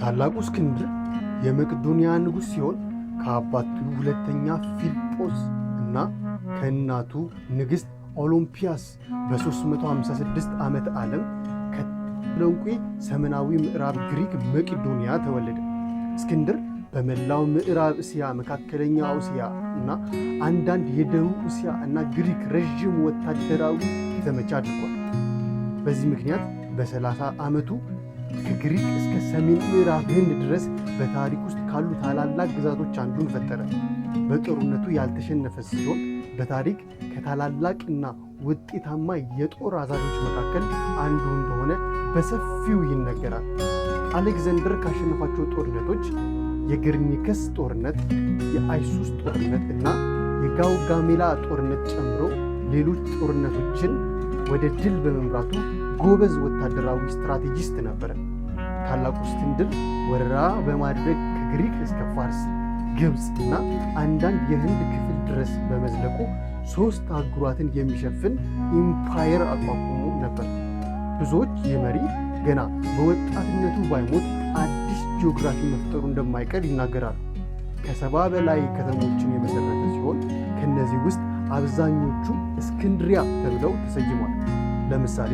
ታላቁ እስክንድር የመቅዶንያ ንጉሥ ሲሆን ከአባቱ ሁለተኛ ፊልጶስ እና ከእናቱ ንግሥት ኦሎምፒያስ በ356 ዓመት ዓለም ከተሰሎንቄ ሰሜናዊ ምዕራብ ግሪክ መቄዶንያ ተወለደ። እስክንድር በመላው ምዕራብ እስያ፣ መካከለኛ እስያ እና አንዳንድ የደቡብ እስያ እና ግሪክ ረዥም ወታደራዊ ዘመቻ አድርጓል። በዚህ ምክንያት በ30 ዓመቱ ከግሪክ እስከ ሰሜን ምዕራብ ህንድ ድረስ በታሪክ ውስጥ ካሉ ታላላቅ ግዛቶች አንዱን ፈጠረ። በጦርነቱ ያልተሸነፈ ሲሆን በታሪክ ከታላላቅና ውጤታማ የጦር አዛዦች መካከል አንዱ እንደሆነ በሰፊው ይነገራል። አሌክዘንደር ካሸነፋቸው ጦርነቶች የግርኒከስ ጦርነት፣ የአይሱስ ጦርነት እና የጋውጋሜላ ጦርነት ጨምሮ ሌሎች ጦርነቶችን ወደ ድል በመምራቱ ጎበዝ ወታደራዊ ስትራቴጂስት ነበረ። ታላቁ እስክንድር ወረራ በማድረግ ከግሪክ እስከ ፋርስ፣ ግብፅ እና አንዳንድ የህንድ ክፍል ድረስ በመዝለቁ ሶስት አህጉራትን የሚሸፍን ኢምፓየር አቋቁሞ ነበር። ብዙዎች የመሪ ገና በወጣትነቱ ባይሞት አዲስ ጂኦግራፊ መፍጠሩ እንደማይቀር ይናገራሉ። ከሰባ በላይ ከተሞችን የመሰረተ ሲሆን ከእነዚህ ውስጥ አብዛኞቹ እስክንድሪያ ተብለው ተሰይሟል። ለምሳሌ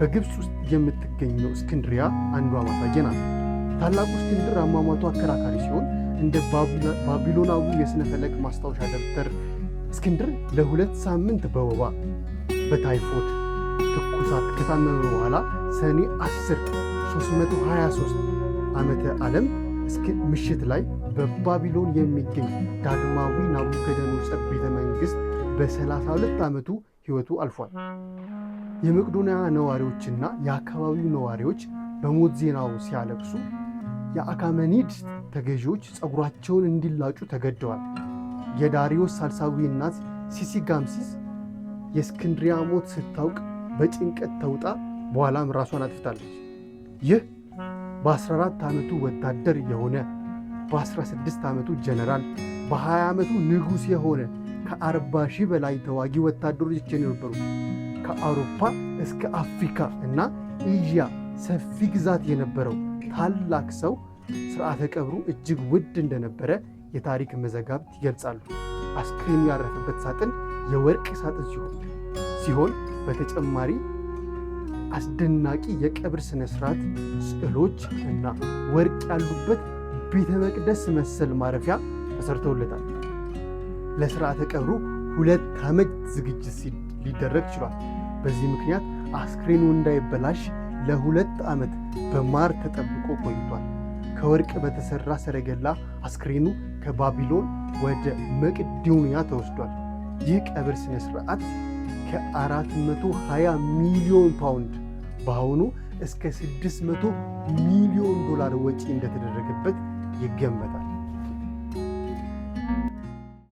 በግብፅ ውስጥ የምትገኘው እስክንድሪያ አንዷ ማሳያ ናት። ታላቁ እስክንድር አሟሟቱ አከራካሪ ሲሆን እንደ ባቢሎናዊ የሥነ ፈለክ ማስታወሻ ደብተር እስክንድር ለሁለት ሳምንት በወባ በታይፎት ትኩሳት ከታመመ በኋላ ሰኔ 10 323 ዓመተ ዓለም ምሽት ላይ በባቢሎን የሚገኝ ዳግማዊ ናቡከደነጾር ቤተ መንግሥት በ32 ዓመቱ ሕይወቱ አልፏል። hmm. የመቄዶንያ ነዋሪዎችና የአካባቢው ነዋሪዎች በሞት ዜናው ሲያለቅሱ የአካመኒድ ተገዢዎች ፀጉራቸውን እንዲላጩ ተገደዋል። የዳሪዮስ ሳልሳዊ እናት ሲሲ ጋምሲስ የእስክንድሪያ ሞት ስታውቅ በጭንቀት ተውጣ በኋላም ራሷን አጥፍታለች። ይህ በ14 ዓመቱ ወታደር የሆነ በ16 ዓመቱ ጀነራል፣ በ20 ዓመቱ ንጉሥ የሆነ ከአርባ ሺህ በላይ ተዋጊ ወታደሮች ቼን የነበሩ ከአውሮፓ እስከ አፍሪካ እና ኤዥያ ሰፊ ግዛት የነበረው ታላቅ ሰው ስርዓተ ቀብሩ እጅግ ውድ እንደነበረ የታሪክ መዘጋብት ይገልጻሉ። አስክሬኑ ያረፈበት ሳጥን የወርቅ ሳጥን ሲሆን ሲሆን በተጨማሪ አስደናቂ የቀብር ስነ ስርዓት፣ ስዕሎች እና ወርቅ ያሉበት ቤተ መቅደስ መሰል ማረፊያ ተሰርተውለታል። ለስርዓተ ቀብሩ ሁለት ዓመት ዝግጅት ሊደረግ ችሏል። በዚህ ምክንያት አስክሬኑ እንዳይበላሽ ለሁለት ዓመት በማር ተጠብቆ ቆይቷል። ከወርቅ በተሠራ ሰረገላ አስክሬኑ ከባቢሎን ወደ መቅዲውንያ ተወስዷል። ይህ ቀብር ሥነ ሥርዓት ከ420 ሚሊዮን ፓውንድ በአሁኑ እስከ 600 ሚሊዮን ዶላር ወጪ እንደተደረገበት ይገመታል።